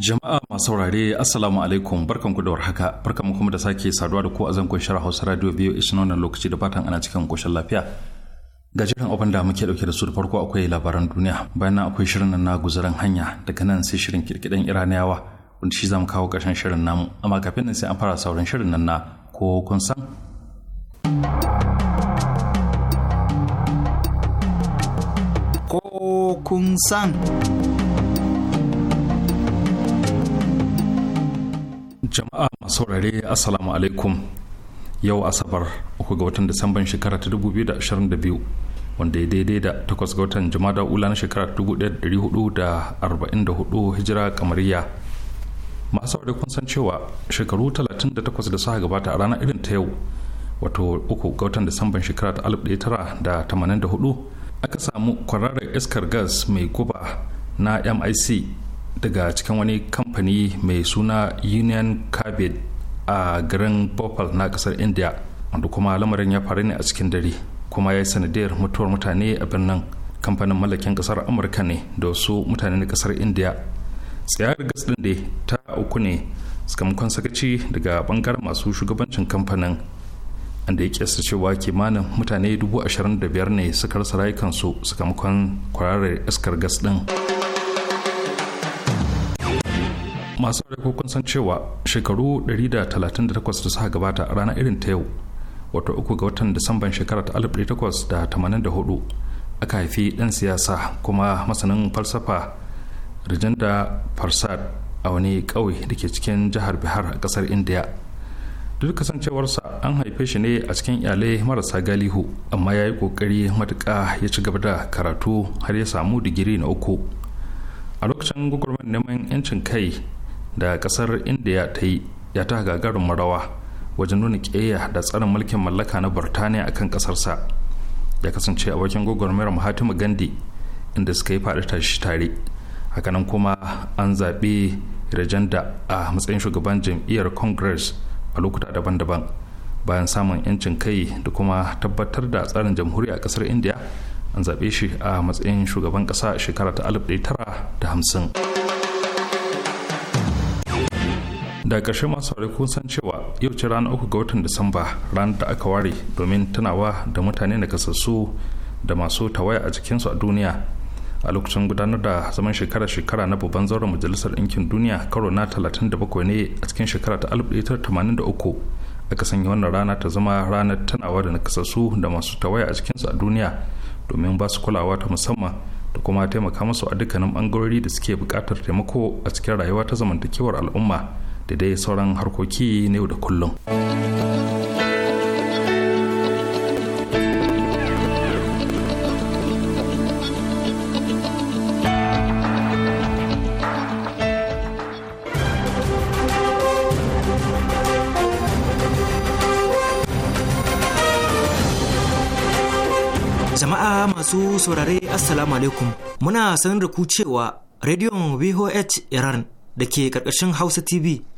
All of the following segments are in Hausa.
Jama'a masu saurare Assalamu alaikum barkanku da warhaka barkanku kuma da sake saduwa da ku a zankon shirin Hausa Radio biyu ishin wannan lokaci da fatan ana cikin koshin lafiya. Ga jiran abin da muke dauke da su da farko akwai labaran duniya bayan nan akwai shirin na guzaran hanya daga nan sai shirin kirkidan Iraniyawa wanda shi zamu kawo karshen shirin namu amma kafin nan sai an fara sauran shirin nan na ko kun san. Ko kun san. jama'a masu saurare assalamu alaikum yau asabar uku ga watan disamban shekara ta 2022 wanda ya daidai da takwas ga watan jama'a ula na shekara 1444 hijira kamariya masu saurare kun san cewa shekaru 38 da suka gabata a ranar irin ta yau wato uku ga watan disamban shekara ta 1984 aka samu kwararren iskar gas mai guba na mic daga cikin wani kamfani mai suna union carbide a garin bhopal na kasar india wanda kuma lamarin ya faru ne a cikin dare kuma ya yi sanadiyar mutuwar mutane a birnin kamfanin mallakin kasar amurka ne da wasu mutane na kasar india tsayar gas din da ta uku ne sakamakon sakaci daga bangaren masu shugabancin kamfanin da ya kesa cewa kimanin mutane 25,000 ne suka rasa rayukansu sakamakon kwararar iskar gas din. masu da kun san cewa shekaru 138 da suka gabata a ranar irin ta yau wato uku ga watan disamban shekarar 1884 aka haifi ɗan siyasa kuma masanin falsafa rajanda farsad a wani ƙauye da ke cikin jihar bihar a ƙasar india duk kasancewarsa an haife shi ne a cikin iyalai marasa galihu amma ya yi ƙoƙari matuka ya ci gaba da karatu har ya samu digiri na uku a lokacin gugurman neman 'yancin kai da kasar india ta yi ya ta gagarin marawa wajen nuna ƙeya da tsarin mulkin mallaka na burtaniya akan kasarsa ya kasance a abokin gwagwarmayar mahatma gandhi inda suka yi faɗi shi tare hakanan kuma an zaɓi rajanda a matsayin shugaban jam'iyyar congress a lokuta daban-daban bayan samun 'yancin kai da kuma tabbatar da tsarin jamhuriya a kasar india an zaɓe shi a matsayin shugaban ƙasa shekara ta 1950 da ƙarshe masu saurari kun san cewa yau ce ranar uku ga watan disamba ranar da aka ware domin tunawa da mutane da kasassu da masu tawaya a jikinsu a duniya a lokacin gudanar da zaman shekara-shekara na babban zauren majalisar ɗinkin duniya karo na 37 ne a cikin shekara ta 1983 aka sanya wannan rana ta zama ranar tunawa da nakasassu da masu tawaya a cikinsu a duniya domin ba su kulawa ta musamman da kuma taimaka musu a dukkanin bangarori da suke bukatar taimako a cikin rayuwa ta zamantakewar al'umma da dai sauran harkoki na yau da kullum. Jama'a masu saurare Assalamu alaikum muna sanar da ku cewa rediyon VOH Iran da ke karkashin Hausa TV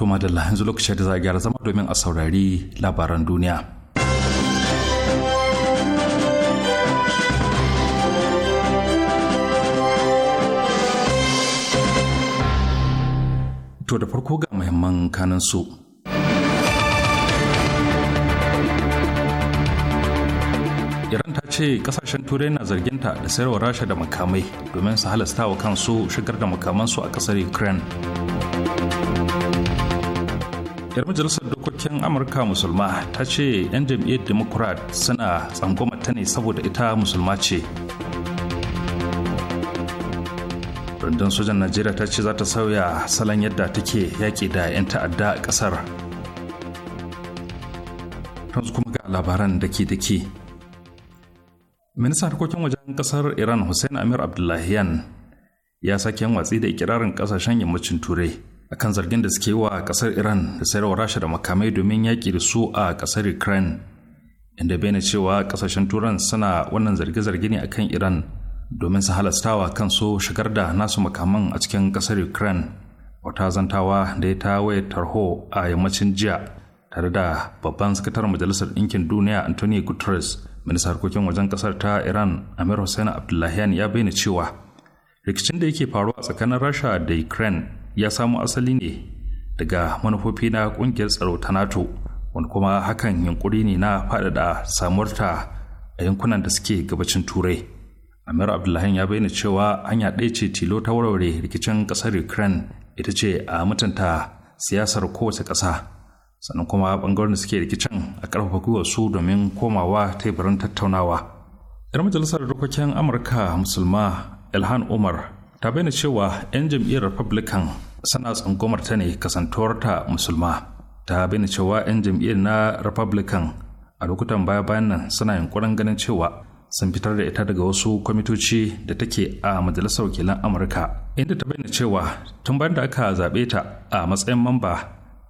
To madalla yanzu lokacin da za a gyara zama domin a saurari labaran duniya. To da farko ga muhimman kanan su. Iran ta ce kasashen turai na zarginta da sayarwa rasha da makamai domin su halasta wa kansu shigar da makamansu a kasar Ukraine. yar majalisar dokokin amurka musulma ta ce 'yan jam'iyyar democrat suna tsangwama ta ne saboda ita musulma ce rundun sojan najeriya ta ce za ta sauya salon yadda take yaƙi da 'yan ta'adda a ƙasar yanzu kuma ga labaran da ke da harkokin wajen ƙasar iran hussein amir abdullahiyan ya sake watsi da ikirarin kasashen yammacin turai akan zargin da suke wa kasar iran da sayarwa rasha da makamai domin yaƙi da su a kasar ukraine inda bayyana cewa kasashen turan suna wannan zarge-zarge ne akan iran domin su kan su shigar da nasu makaman a cikin kasar ukraine wata zantawa da ya ta waya tarho a yammacin jiya tare da babban sakataren majalisar ɗinkin duniya anthony guterres ministan harkokin wajen kasar ta iran amir hussein abdullahian ya bayyana cewa rikicin da yake faruwa tsakanin rasha da ukraine ya samo asali ne daga manufofi na ƙungiyar tsaro ta nato wani kuma hakan yunkuri ne na faɗaɗa samuwarta a yankunan da suke gabacin turai amir abdullahi ya bayyana cewa hanya ɗaya ce tilo ta warware rikicin ƙasar ukraine ita ce a mutunta siyasar kowace ƙasa sannan kuma ɓangaren da suke rikicin a ƙarfafa gwiwar su domin komawa teburin tattaunawa 'yar majalisar dokokin amurka musulma ilhan umar ta bayyana cewa 'yan jam'iyyar republican suna tsangwamar ta ne kasantuwar ta musulma ta bayyana cewa 'yan jam'iyyar na republican a lokutan baya bayan nan suna yunkurin ganin cewa sun fitar da ita daga wasu kwamitoci da take a majalisar wakilan amurka inda ta bayyana cewa tun bayan da aka zaɓe ta a matsayin mamba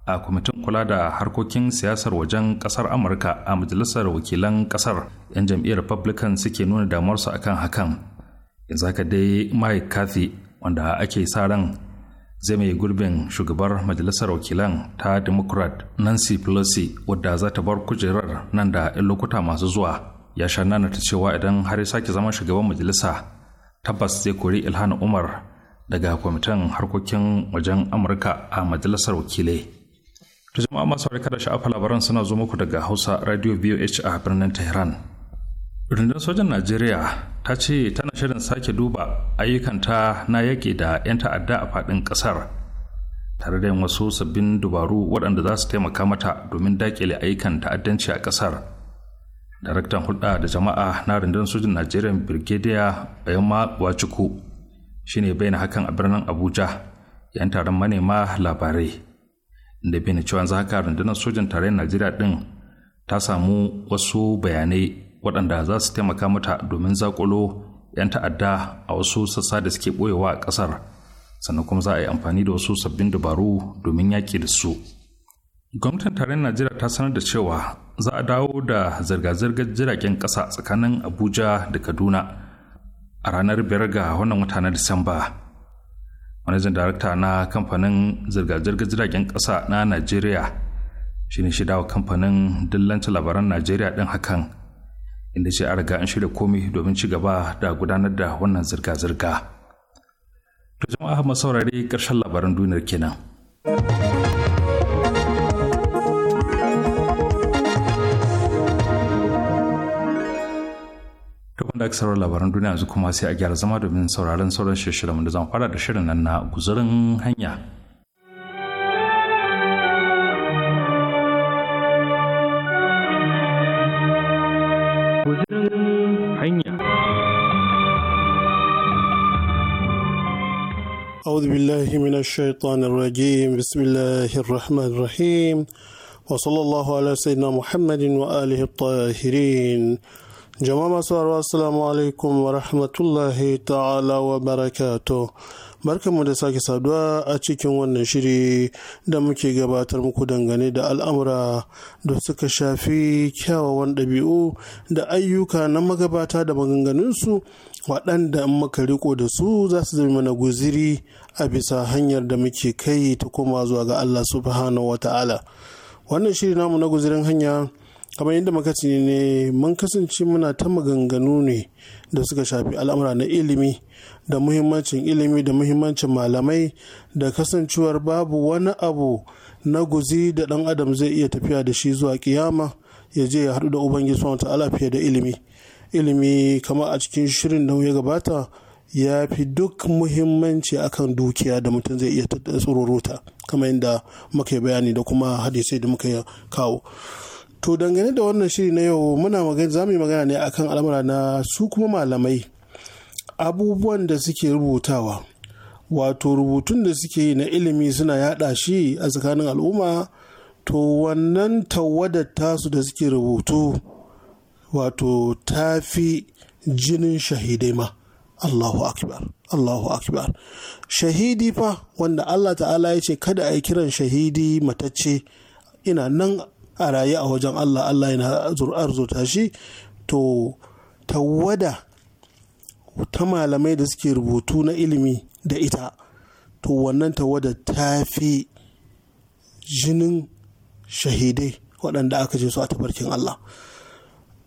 a kwamitin kula da harkokin siyasar wajen ƙasar amurka a majalisar wakilan kasar 'yan jam'iyyar republican suke nuna damuwarsu akan hakan yanzu haka dai mike cathy wanda ake sa ran zai mai gurbin shugabar majalisar wakilan ta democrat nancy pelosi wadda za ta bar kujerar nan da 'yan lokuta masu zuwa ya sha nana ta cewa idan har ya sake zama shugaban majalisa tabbas zai kori ilhan umar daga kwamitin harkokin wajen amurka a majalisar wakilai to masu harkar da sha'afa labaran suna zo muku daga hausa radio voh a birnin tehran rundunar sojan najeriya ta ce tana shirin sake duba ayyukanta na yaƙi da 'yan ta'adda a faɗin ƙasar tare da yin wasu sabbin dubaru waɗanda za su taimaka mata domin daƙile ayyukan ta'addanci a ƙasar daraktan hulɗa da jama'a na rundunar sojan najeriya birgediya bayama wacuku shine bayyana hakan a birnin abuja yan taron manema labarai da na cewa haka rundunar sojan tarayyar najeriya ɗin ta samu wasu bayanai waɗanda za su taimaka mata domin zakulo 'yan ta'adda a wasu sassa da suke ɓoyewa a ƙasar sannan kuma za a yi amfani da wasu sabbin dabaru domin yaƙi da su gwamnatin tarayyar najeriya ta sanar da cewa za a dawo da zirga-zirgar jiragen ƙasa tsakanin abuja da kaduna a ranar biyar ga wannan wata na disamba manajan darakta na kamfanin zirga-zirgar jiragen ƙasa na najeriya shine shi dawo kamfanin dillancin labaran najeriya ɗin hakan inda ce a riga an shirya komai domin ci gaba da gudanar da wannan zirga-zirga. To jama'a Ahmad saurare ƙarshen labaran duniyar kenan. Tukun da aka sauran labaran duniya yanzu kuma sai a gyara zama domin sauraron sauran shirye-shiryen da zan fara da shirin nan na guzurin hanya. الشيطان الرجيم بسم الله الرحمن الرحيم وصلى الله على سيدنا محمد وآله الطاهرين jama'a sauraro assalamu alaikum wa rahmatullahi ta'ala wa barakato barkanmu da sake saduwa a cikin wannan shiri da muke gabatar muku dangane da al'amura da suka shafi kyawawan ɗabi'u da ayyuka na magabata da maganganunsu waɗanda in muka riko da su za su zama mana guziri a bisa hanyar da muke kai ta koma zuwa ga Allah subhanahu wa ta'ala wannan shiri namu na guzirin hanya kamar yadda muka ce ne mun kasance muna ta maganganu ne da suka shafi al'amura na ilimi da muhimmancin ilimi da muhimmancin malamai da kasancewar babu wani abu na guzi da ɗan adam zai iya tafiya da shi zuwa kiyama ya je ya haɗu da ubangiji subhanahu wa ta'ala fiye da ilimi ilimi kama a cikin shirin da ya gabata ya fi duk muhimmanci akan dukiya da mutum zai iya tsororota kamar yadda muka bayani da kuma hadisai da muka kawo to dangane da wannan shiri na yau muna magana za yi magana ne akan al'amura na su kuma malamai abubuwan da suke rubutawa wato rubutun da suke yi na ilimi suna yada shi a tsakanin al'umma to wannan tawadar tasu da suke rubutu wato ta fi jinin shahidai ma Allahu akbar Allahu akbar shahidi fa wanda Allah ta'ala ya ce kada a yi kiran shahidi matacce ina nan a rayu a wajen Allah Allah yana arzuta shi to tawada ta malamai da suke rubutu na ilimi da ita to wannan tawada ta fi jinin shahidai waɗanda aka je su a tabarkin Allah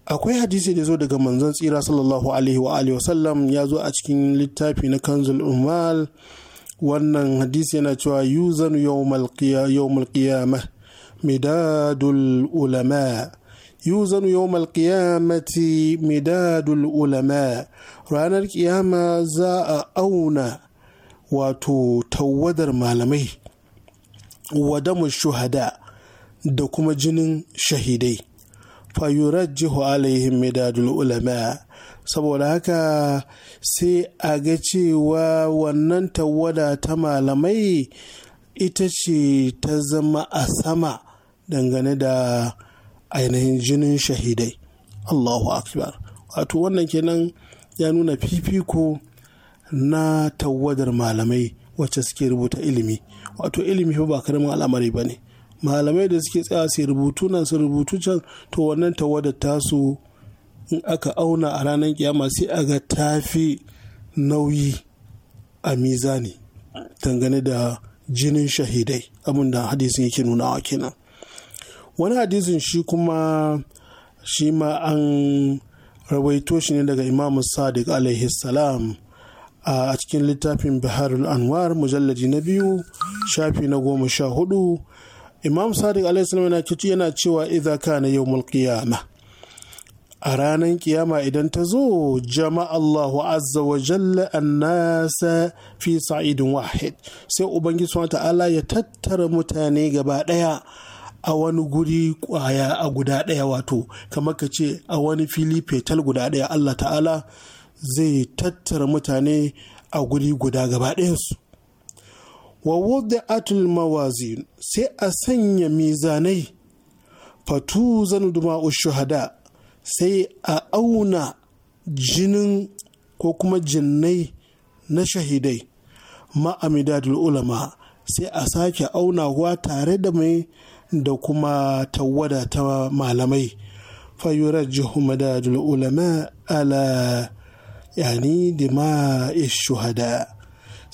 akwai hadisi da zo daga manzon tsira sallallahu alaihi wa alihi wasallam ya zo a cikin littafi na kanzul umal wannan hadisi yana cewa yuzanu yawmal qiyamah midadul ulama yuzanu yawmal qiyamati midadul ulama ranar kiyama za a auna wato tawadar malamai wadamu shuhada da kuma jinin shahidai fayurajjihu alaihim midadul ulama saboda haka sai a ga cewa wannan tawada ta malamai ita ce ta zama a sama dangane da ainihin jinin shahidai allahu akbar wato wannan kenan ya nuna fifiko na tawadar malamai wacce suke rubuta ilimi wato ilimi ba karamin al'amari ba ne malamai da suke tsaya su rubutu nan su rubutu can to wannan tawada tasu in aka auna a ranar kiyama sai a ga tafi nauyi a mizani dangane da jinin shahidai abinda hadisin yake nunawa kenan wani hadisin shi kuma shi ma an rawaito shi ne daga imamu sadiq alaihi salam a cikin littafin baharul anwar mujallaji na biyu shafi na goma sha hudu imam sadiq alaihissalam yana kici yana cewa idza kana yawmul qiyama a ranar kiyama idan ta zo jama'a Allahu azza wa jalla annasa fi sa'idin wahid sai ubangiji subhanahu ta'ala ya tattara mutane gaba daya a wani guri kwaya a guda daya wato kamar ka ce a wani fili fetal guda daya Allah ta'ala zai tattara mutane a guri guda gaba su. wa atul mawazin sai a sanya mizanai fatu zan shuhada sai a auna jinin ko kuma jinnai na shahidai ma'amidadul ulama sai a sake aunawa tare da mai da kuma tawada ta malamai fayurajjihu madadin ulama ala yani dima'ish shuhada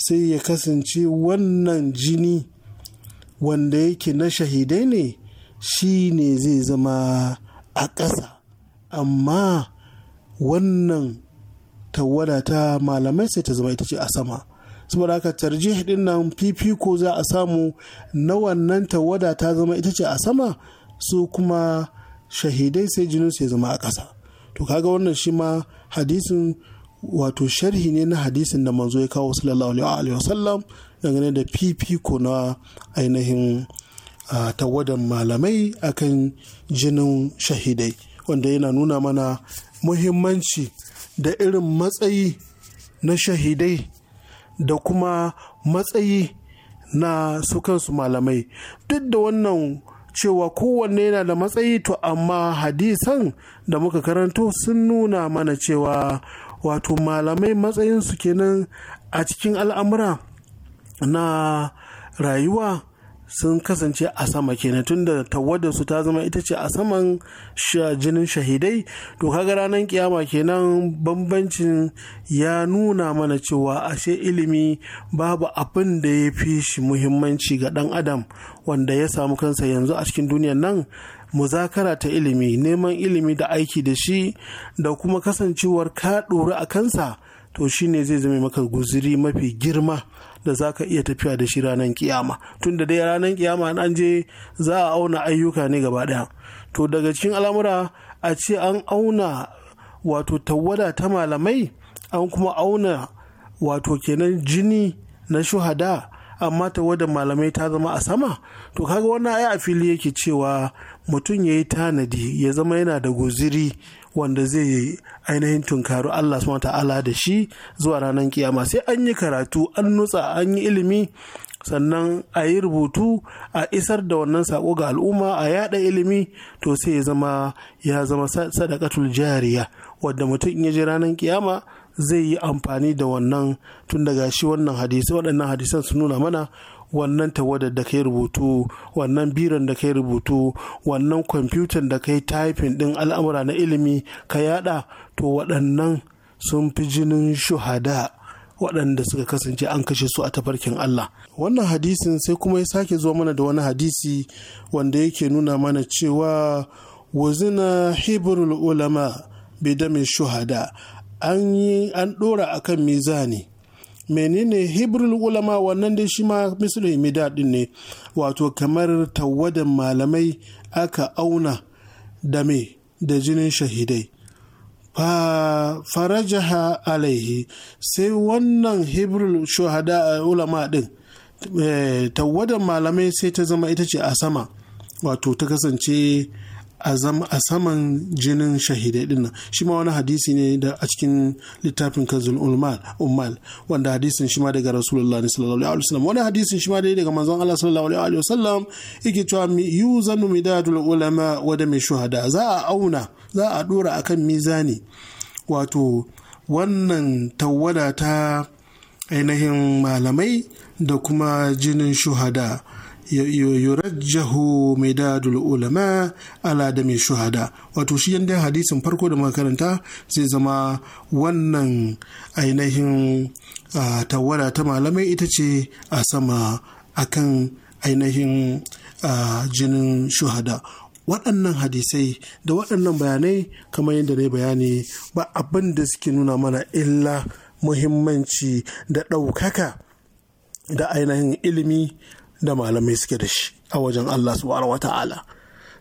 sai ya kasance wannan jini wanda yake na shahidai ne shi ne zai zama a ƙasa amma wannan tawada ta malamai sai ta zama ita ce a sama saboda haka tarjih din nan fifiko za a samu na wannan tawada ta zama ita ce a sama su kuma shahidai sai jinin su ya zama a ƙasa to kaga wannan shi ma hadisin wato sharhi ne na hadisin da manzo ya kawo sallallahu alaihi wasallam dangane da fifiko na ainihin tawadan malamai akan jinin shahidai wanda yana nuna mana muhimmanci da irin matsayi na shahidai da kuma matsayi na su kansu malamai duk da wannan cewa kowanne yana da matsayi to amma hadisan da muka karanto sun nuna mana cewa wato malamai matsayin su kenan a cikin al'amura na rayuwa sun kasance a sama kenan tunda da su ta zama ita ce a saman jinin shahidai to kaga ranar kiyama kenan bambancin ya nuna mana cewa ashe ilimi babu abin da ya fi shi muhimmanci ga dan adam wanda ya samu kansa yanzu a cikin duniyar nan muzakara ta ilimi neman ilimi da aiki da shi da kuma kasancewar ka ɗori a kansa to shi ne zai zama maka guziri mafi girma da za ka iya tafiya da shi ranar kiyama tun da dai ranar kiyama an je za a auna ayyuka ne gaba ɗaya to daga cikin al'amura a ce an auna wato tawada ta malamai an kuma auna wato kenan jini na shuhada amma wada malamai ta zama a sama to kaga wannan ai a fili yake cewa mutum ya yi tanadi ya zama yana da guziri wanda zai yi ainihin tunkaru Allah su ta'ala da shi zuwa ranar kiyama sai an yi karatu an nutsa an yi ilimi sannan a yi rubutu a isar da wannan sako ga al'umma a yada ilimi to sai ya zama ya zama sadakatul jariya wadda mutum in ya je ranar kiyama zai yi amfani da wannan tun daga shi wannan hadisi waɗannan hadisan su nuna mana wannan tawadar da kai rubutu wannan biran da kai rubutu wannan kwamfutan da kai taifin ɗin al'amura na ilimi ka yada to waɗannan sun fi jinin shuhada waɗanda suka kasance an kashe su a tafarkin Allah. Wannan hadisin sai kuma ya sake zuwa mana da wani hadisi wanda yake nuna mana cewa wazina hibrul ulama bidame shuhada an yi an dora akan mizani menene hibrul ulama wannan dai shi ma misali imida din ne wato kamar tawadan malamai aka auna da me da jinin shahidai fa farajaha alaihi sai wannan hibrul shuhada eh, ulama din eh, tawadan malamai sai ta zama ita ce a sama wato ta kasance a saman jinin shahidai din shi ma wani hadisi ne da a cikin littafin kanzul ummal wanda hadisin shi ma daga rasulullahi sallallahu alaihi wasallam wani hadisin shi ma dai daga manzon Allah sallallahu alaihi wasallam yake cewa yuzanu midadul ulama wa da shuhada za a auna za a dora akan mizani wato wannan tawwada ta ainihin malamai da kuma jinin shuhada yurajjahu midadul ulama ala da mai shuhada wato shi yadda hadisin farko da makaranta zai zama wannan ainihin tawara ta malamai ita ce a sama akan ainihin jinin shuhada waɗannan hadisai da waɗannan bayanai kamar yadda na bayani ba abin da suke nuna mana illa muhimmanci da ɗaukaka da ainihin ilimi da malamai suke da shi a wajen Allah subhanahu wata'ala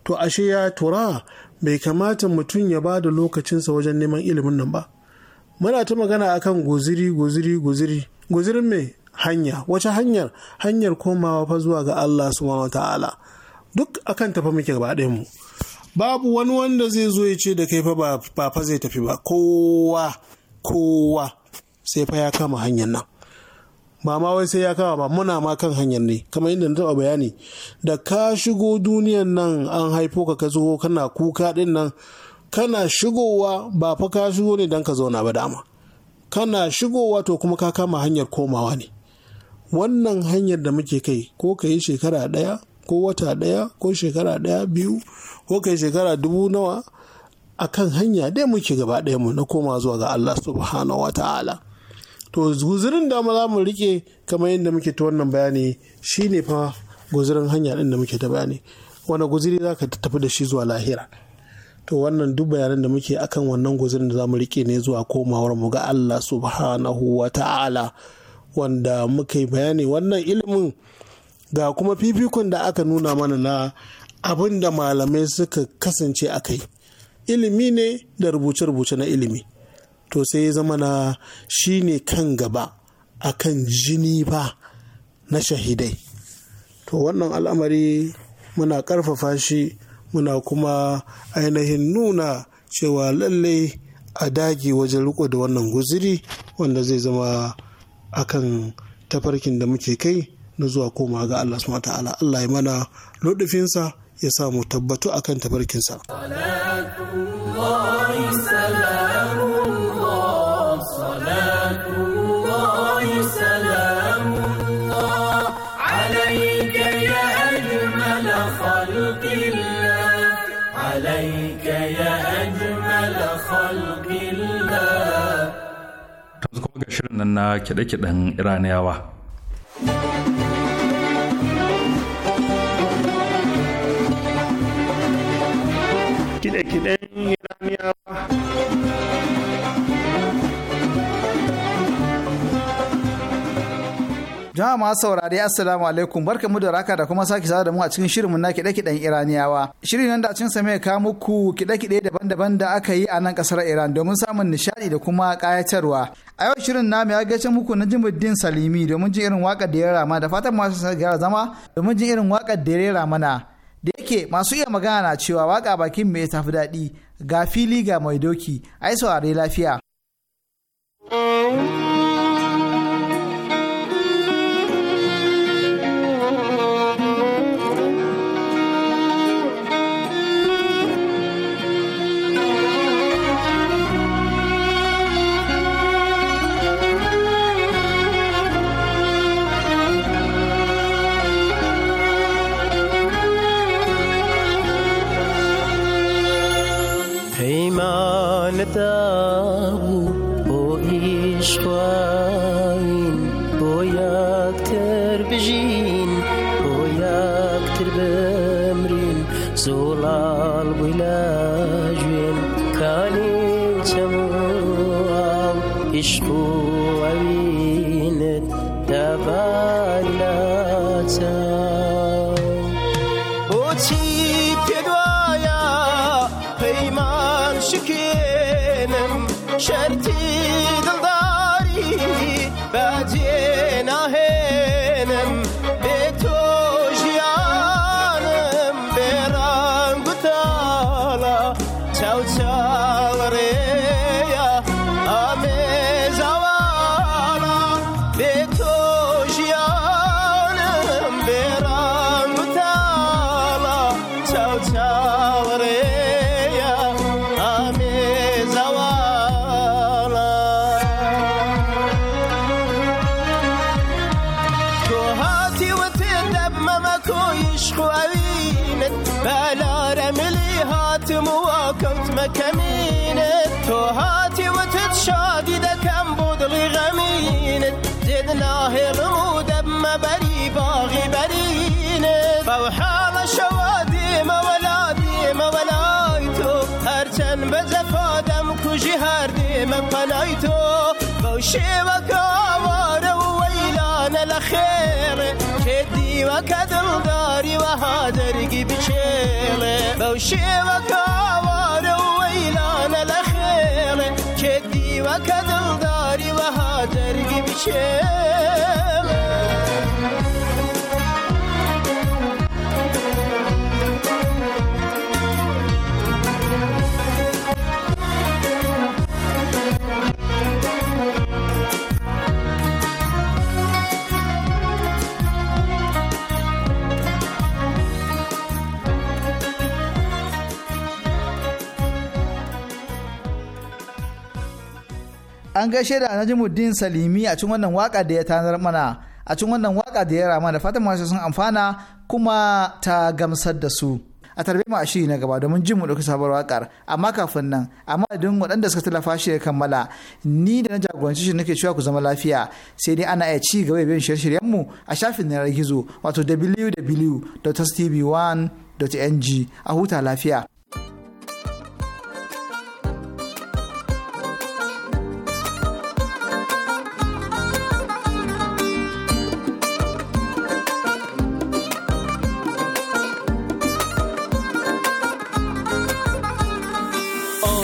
to ashe ya tura bai kamata mutum ya ba da lokacinsa wajen neman ilimin nan ba muna ta magana akan guziri guziri guziri guzirin mai hanya wace hanyar hanyar komawa fa zuwa ga Allah subhanahu wata'ala duk akan tafa muke gaba mu babu wani wanda zai zo ya ce da kai fa ba fa zai tafi ba kowa kowa sai fa ya kama hanyar nan ba ma wai sai ya kawo ba muna ma kan hanyar ne kamar yadda na taɓa bayani da ka shigo duniyan nan an haifo ka ka zo kana kuka din nan kana shigowa ba fa ka shigo ne don ka zauna ba dama kana shigowa to kuma ka kama hanyar komawa ne wannan hanyar da muke kai ko ka yi shekara ɗaya ko wata ɗaya ko shekara ɗaya biyu ko ka yi shekara dubu nawa akan hanya dai muke gaba ɗaya mu na koma zuwa ga Allah subhanahu wa ta'ala to guzurin da za mu rike kamar yadda muke ta wannan bayani shine fa guzurin hanya din da muke ta bayani wani guziri za ka tafi da shi zuwa lahira to wannan duk bayanan da muke akan wannan guzurin da za mu rike ne zuwa komawar mu ga Allah subhanahu wa ta'ala wanda muka yi bayani wannan ilimin ga kuma fifikon da aka nuna mana na abin da malamai suka kasance a kai ilimi ne da rubuce-rubuce na ilimi to sai ya zama na shi ne kan gaba a kan jini ba na shahidai to wannan al'amari muna ƙarfafa shi muna kuma ainihin nuna cewa lallai a dage wajen riko da wannan guziri wanda zai zama akan tafarkin da muke kai na zuwa koma ga Allah subhanahu ta'ala Allah ya mana lodufinsa ya samu tabbatu akan tafarkinsa. nan na kiɗe-kiɗen iraniyawa jama'a masu saurari assalamu alaikum barkamu da raka da kuma sake sada da mu a cikin shirinmu na kiɗe-kiɗen iraniyawa shirin nan da cin sa mai ka muku kiɗe-kiɗe daban-daban da aka yi a nan ƙasar iran domin samun nishaɗi da kuma kayatarwa. a yau shirin namu ya gaishe muku na jimuddin salimi domin jin irin waƙar da ya rama da fatan masu gyara zama domin jin irin waƙar da ya rama na da yake masu iya magana na cewa waka bakin mai tafi daɗi ga fili ga mai doki ai saurari lafiya. imanetavu bo ishvain bo yakter bijin bo yakter bemrin zolal bilajin kanin çamuav ishvain Shirt كنت وكنت توهاتي وتتشادي دا كان بودلي غمينت زدناه غمود اما بري باغي برينت فوحال شوادي ما ولادي ما ولايتو هرچن بزفادم كجي هردي ديما قنايتو بوشي وكاوار وويلان الاخير شدي وكدل داري وهادرقي بشيله بوشي وكاوار 前。an gaishe da Najimuddin Salimi a cikin wannan waka da ya tanar mana a cikin wannan waka da ya rama da fatan masu sun amfana kuma ta gamsar da su a tarbe mu a na gaba domin jin mu ɗauki sabuwar wakar amma kafin nan amma idan waɗanda suka tallafa shi ya kammala ni da na jagoranci shi nake cewa ku zama lafiya sai dai ana iya ci gaba da bin shirye-shiryen mu a shafin na gizo wato www.tv1.ng a huta lafiya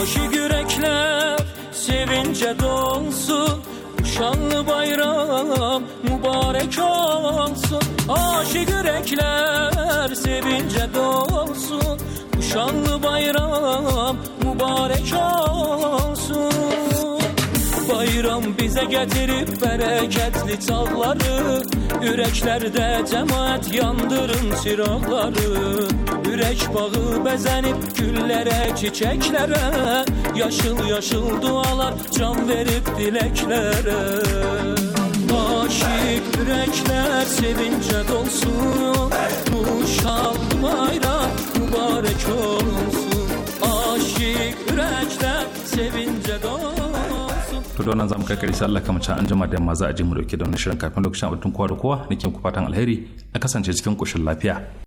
Coşuk yürekler sevince dolsun Bu şanlı bayram mübarek olsun Aşık yürekler sevince dolsun Bu şanlı bayram mübarek olsun Bayram bize getirip bereketli çağları Yüreklerde cemaat yandırın çıraqları Yürek bağı bezenip güllere çiçeklere Yaşıl yaşıl dualar can verip dileklere Aşık yürekler sevince dolsun Bu şal bayram mübarek olsun Aşık yürekler sevince dolsun to da wannan zamu kai Allah kamar can an jima da yamma za a je mu dauke da wani shirin kafin lokacin abin kowa da kowa nake ke fatan alheri a kasance cikin koshin lafiya